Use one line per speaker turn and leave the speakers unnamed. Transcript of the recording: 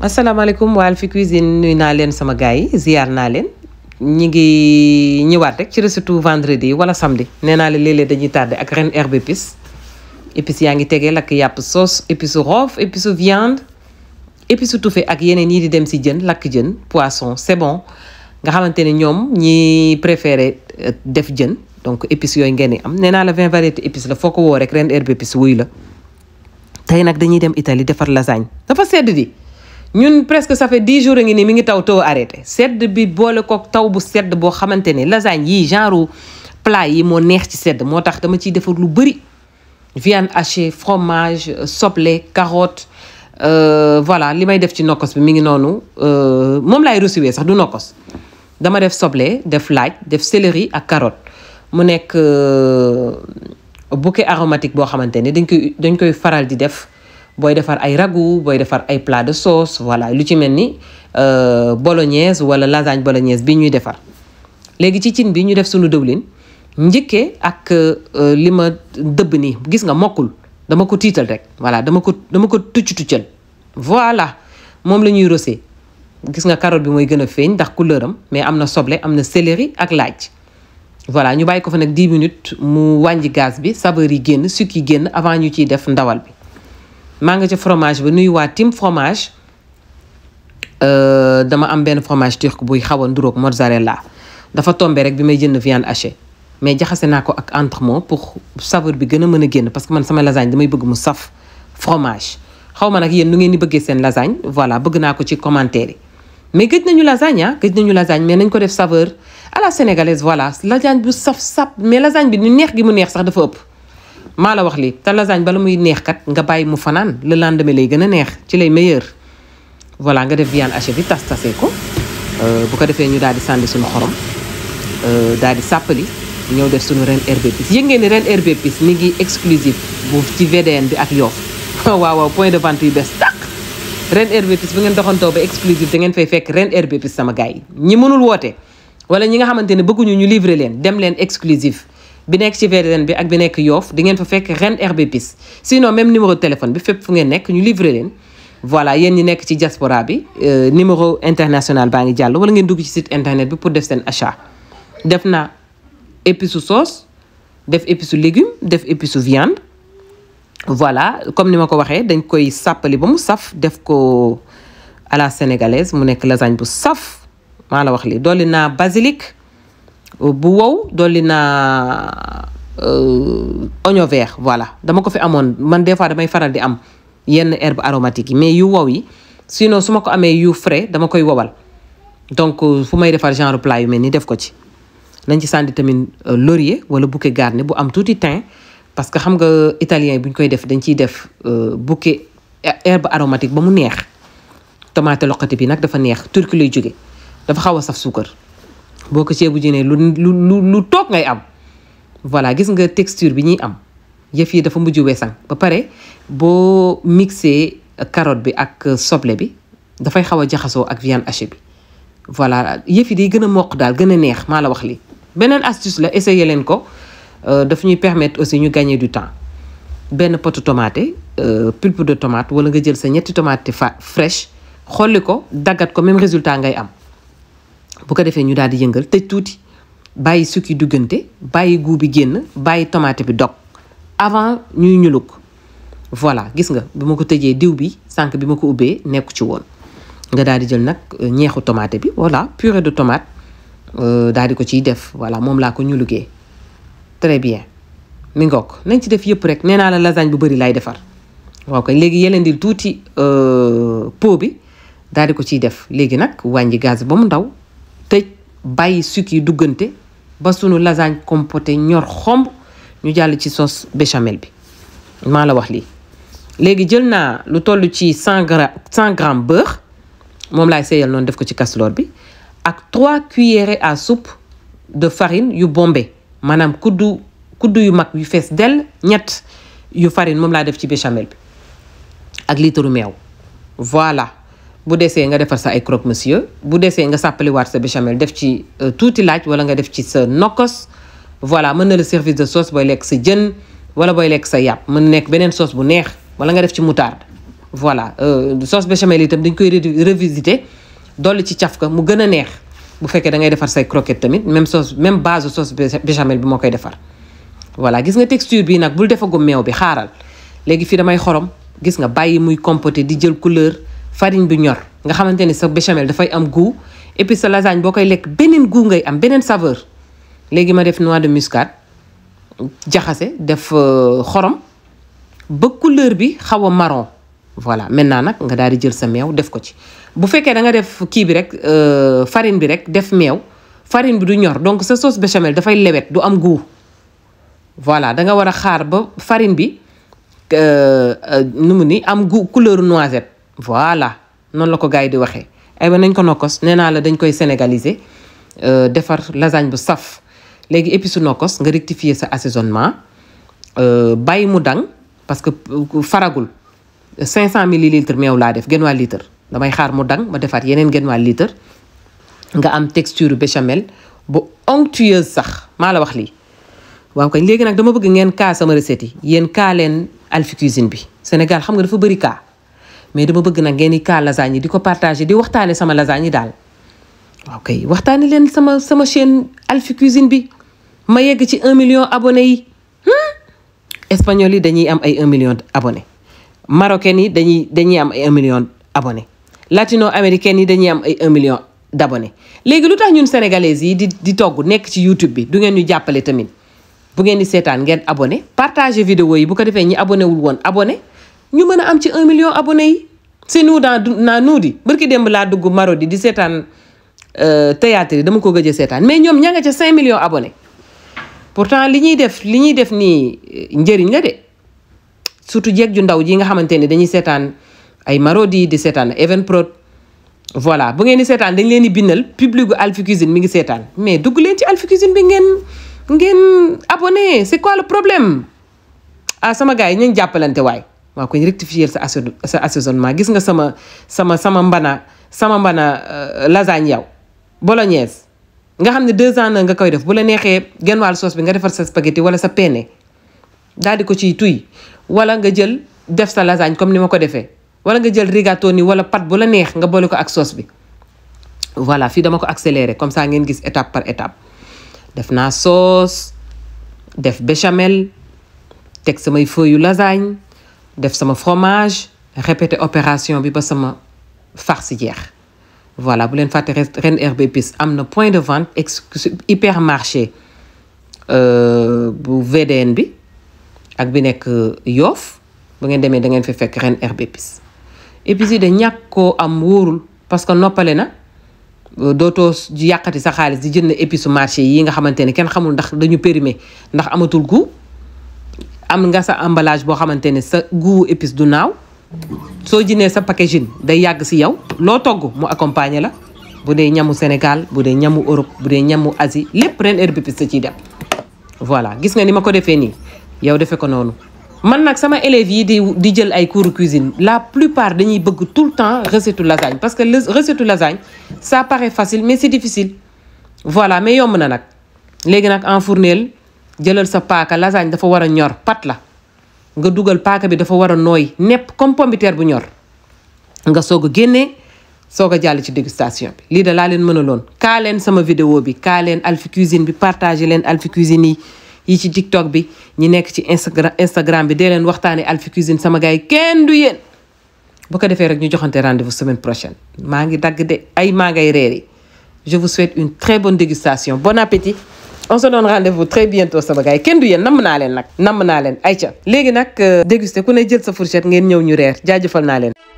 asalaamaaleykum waa Alphie Cuisine nuyu naa leen sama gars yi ziar naa leen ñi ngi ñëwaat rek ci recette vendredi wala samedi nee naa leen léeg-léeg dañuy tardé ak ren herbe épice épice yaa ngi tegee lakk yàpp sauce épice roof épice viande épice touffé ak yeneen yi di dem si jën lakk jën poisson c'est bon nga xamante ne ñoom ñi préféré euh, def jën donc épices yooyu ngeen di am nee naa la vingt variétés épices la foo ko woo rek ren herbe épice wuy la tey nag dañuy dem Italie defar lasagne dafa sedd di ñun presque ça fait dix jours a ngi nii mi ngi taw taw arrêté sedd bi boole ko taw bu sedd boo xamante ne lasagne yii genre plat yi moo neex ci sedd moo tax dama ciy defar lu bëri viande hachée fromage euh, soble carotte euh, voilà li may def ci nokkos bi mi ngi noonu euh, moom laay recevoir sax du nokkos dama def soble def laaj def céleri ak carotte mu nekk bouquet aromatique boo xamante ne dañ koy dañ koy faral di def booy defar ay ragoût booy defar ay plat de sauce voilà lu ci mel ni euh, bolognaise wala lasagne bolognaise bi ñuy defar léegi ci cin bi ñu def suñu dëwlin njëkkee ak euh, li ma dëbb nii gis nga mokkul dama ko tiital rek voilà dama ko dama ko tucc tuccal voilà moom la ñuy gis nga carotte bi mooy gën a feeñ ndax couleuram mais am na soble am na céleri ak laaj voilà ñu bàyyi ko fa nag 10 minutes mu wàññi gaz bi saveur yi génn sucre yi génn avant ñu ciy def ndawal bi maa nga ca fromage bi nuyu waa tim fromage euh, dama am benn fromage turc buy xaw a nduróog la dafa tombé rek bi may jënd viande hachée mais jaxase naa ko ak entremets pour saveur bi gën a mën a génn parce que man sama lasagne damay bëgg mu saf fromage xaw ma nag yéen nu ngeen di bëggee seen lasagne voilà bëgg naa ko ci commentaire yi mais gëj nañu lasagne ah gëj nañu lasagne mais nañ ko def saveur à la sénégalaise voilà lasagne bu saf sap mais lasagne bi ni neex gi mu neex sax dafa ëpp maa la wax lii te bala muy neex kat nga bàyyi mu fanaan le lendemain lay gën a neex ci lay meilleur voilà nga def viande hachée bi tas tase ko euh, bu ko defee ñu daal di sànni suñu xorom euh, daal di sàppali ñoo def suñu Reen Herbes Épices yëg ngeen ni Reen Herbes Épices mi ngi exclusif bu ci VDN bi ak Yoff waaw waaw point de vente yu bees tàq Reen Herbes Épices bu ngeen doxantoo ba exclusif da ngeen fay fekk ren Herbes Épices sama gars yi ñi mënul woote wala ñi nga xamante ne bëgguñu ñu livrer leen dem leen exclusif bi nekk ci VDN bi ak bi nekk Yoff di ngeen fa fekk ren Herbes Épices sinon même numéro de téléphone bi fépp fu ngeen nekk ñu livrer leen voilà yéen ñi nekk ci diaspora bi euh, numéro international baa ngi jàll wala ngeen dugg ci site internet bi pour def seen achat def na épice su sauce def épice su légume def épice su viande voilà comme ni ma ko waxee dañ koy sàppali ba mu saf def ko à la sénégalaise mu nekk lasagne bu saf maa la wax li dolli naa basilic Euh, bu wow dolli naa euh, oignon vert voilà dama ko fi amoon man des fois damay faral di am yenn herbe aromatique yi mais yu wow yi sinon su ma ko amee yu frais dama koy wowal donc euh, fu may defar genre plat yu mel ni def ko ci nañ ci sànni tamit laurier wala bouquet garni bu am tuuti thym parce que xam nga italien bu ñu koy def dañ ciy def bouquet herbe aromatique ba mu neex tomate loqati bi nag dafa neex turki lay jóge dafa xaw a saf suukar boo ko ceebu jënee lu lu lu lu toog ngay am voilà gis nga texture bi ñuy am yëf yi dafa mujj weesang ba pare boo mixé carotte bi ak soble bi dafay xaw a jaxasoo ak viande hachée bi voilà yëf yi day gën a mokk daal gën a neex maa la wax li beneen astuce la essayer leen ko euh, dafa ñuy permettre aussi ñu gañee du temps benn potu tomate euh, pulpe de tomate wala nga jël sa ñetti tomate fa fraîche xolli ko daggat ko même résultat ngay am bu ko defee ñu daal di yëngal tëj tuuti bàyyi sukki duggante bàyyi guu bi génn bàyyi tomate bi dog avant ñuy ñuluk voilà gis nga bi ma ko tëjee diw bi sànq bi ma ko ubbee nekku ci woon nga daal di jël nag euh, ñeexu tomate bi voilà purée de tomate euh, daal di ko ciy def voilà moom laa ko ñulugee très bien mi ngook nañ ci def yëpp rek nee naa la lasagne bu bëri lay defar waaw kay léegi yelendil tuuti euh, pot bi daal di ko ciy def léegi nag wàññi gaz ba mu ndaw tëj bàyyi sucre yi duggante ba sunu lasagne compoté ñor xomb ñu jàll ci sos béchamel bi maa la wax lii. léegi jël naa lu toll ci cent gra cent moom laay seeyal noonu def ko ci casserole bi ak trois cuillerées à soupe de farine yu bombe maanaam kuddu kuddu yu mag yu fees dell ñett yu farine moom laa def ci béchamel bi ak litre meew voilà. bu desee nga defar sa ay croque monsieur bu desee nga sàppaliwaat sa béchamel def ci euh, tuuti laaj wala nga def ci sa nokkos voilà mën na la service de sauce booy lekk sa jën wala booy lekk sa yàpp mën nekk beneen sauce bu neex wala nga def ci moutarde voilà euh, sauce béchamel itam dañ koy revisiter dolli ci cafka mu gën a neex bu fekkee da ngay defar say croquette tamit même sauce même base sauce béchamel bi moo koy defar voilà gis nga texture bi nag bul defagum meew bi xaaral léegi fii damay xorom gis nga bàyyi muy compoter di jël couleur farine bi ñor nga xamante ni sa béchamel dafay am goût et puis sa lasagne boo koy lekk beneen goût ngay am beneen saveur léegi ma def nois de muscade jaxase def euh, xorom ba couleur bi xawa a marron voilà maintenant nag nga daal di jël sa meew def ko ci bu fekkee da def kii bi rek euh, farine bi rek def meew farine bi du ñor donc sa sauce béchamel dafay lewet du am goût voilà da nga war a xaar ba farine bi euh, nu mu ni am goût couleur noisette voilà noonu la ko gars yi di waxee ay aywa nañ ko nokkos nee naa la dañ koy sénégaliser euh, defar lasagne bu saf léegi épice su nokkos nga rectifier sa assaisonnement euh, bàyyi mu dang parce que faragul 500 millilitres meew laa def genn wàll litre damay xaar mu dang ma defaat yeneen genn wàll litre nga am texture béchamel bu onctueuse sax maa la wax lii. waaw kañ léegi nag dama bëgg ngeen kaa sama recette yi yéen kaa leen Alphie Cuisine bi Sénégal xam nga dafa bëri mais dama bëgg nag ngeen di kaal yi di ko partager di waxtaane sama lasagne yi daal waaw waxtaane leen sama sama chaine Alphie Cuisine bi ma yegg ci un million abone yi hmm? espagnol yi dañuy am ay un million abone marocain yi dañuy dañuy am ay un million abonné latino américain yi dañuy am ay un million dabone léegi lu tax ñun sénégalaises yi di di togg nekk ci youtube bi du ngeen ñu jàppale tamit bu ngeen di seetaan ngeen abonné partager video yi bu ko defee ñi abonewul woon abone ñu mën a am ci un million abone yi si nous dans naa nuu di barki démb laa dugg Marodi di seetaan euh, théâtre yi dama ko gëj a seetaan mais ñoom ña nga ca cinq millions abonné pourtant li ñuy def li ñuy def nii euh, njëriñ la de surtout jeeg ndaw ji nga xamante ne dañuy seetaan ay Marodi di seetaan Evenprod voilà bu ngeen di seetaan dañ leen di bindal public gu Alphie Cuisine mi ngi seetaan mais dugg leen ci Alphie Cuisine bi ngeen ngeen abonné c'est quoi problème a ah, sama gars yi ñu jàppalante waay waaw koy rectifier sa sa assaisonnement gis nga sama sama sama mbana sama mbana euh, lasagne yow bolognaise nga xam ne deux ans na nga koy def bu la neexee genn wàll sauce bi nga defar sa spaghetti wala sa penne daal di ko ci tuy wala nga jël def sa lasagne comme ni ma ko defee wala nga jël rigatoni wala pat bu la neex nga boole ko ak sauce bi voilà fii dama ko accéléré comme ça ngeen gis étape par étape def naa sauce def béchamel teg sa may yu lasagne def sama fromage répété opération bi ba sama farce jeex voilà bu leen fàtte Reen Herbes Épices am na point de vente ex hypermarché euh, bu VDN bi ak bi nekk Yoff bu ngeen demee da ngeen fi fekk Reen Herbes Épices épices yi de ñàkk koo am wóorul parce que noppale na euh, dootoo yàqati sa xaalis di jënd épices marché yi nga xamante ne kenn xamul ndax dañu périmé ndax amatul goût am nga sa embalage boo xamante ne sa goût épice du naaw soo jinee sa packaging day yàgg si yow loo togg mu accompagner la bu dee ñamu Sénégal bu dee ñamu Europe bu dee ñamu Asie lépp Reen Herbes sa ciy dem voilà gis nga ni ma ko defee nii yow defee ko noonu man nag sama élèves yi di di jël ay cours cuisine la plupart dañuy bëgg tout le temps resetu lasagne parce que recette lasagne ça paraît facile mais c'est difficile voilà mais yomb na nag léegi nag enfourneel jëlal sa paaka lasagne dafa war a ñor pat la nga dugal paaka bi dafa war a nooy nepp comme pombiteer bu ñor nga soog a génnee soog a jàll ci dégustation bi lii da laa leen mën a loon kaa leen sama video bi kaa leen Alphie Cuisine bi partagé leen Alphie Cuisine yi yi ci TikTok bi ñu nekk ci Instagram Instagram bi dee leen waxtaane Alphie Cuisine sama gars yi kenn du yéen bu ko defee rek ñu joxante rendez-vous semaine prochaine maa ngi dagg de ay maa ngay reeri je vous une très bonne dégustation bon on se donne rendez-vous très bientôt sama gars kenn du yéen nam naa leen nag namm naa leen ayca léegi nag euh, dégusté ku ne jël sa fourchette ngeen ñëw ñu reer jaajëfal naa leen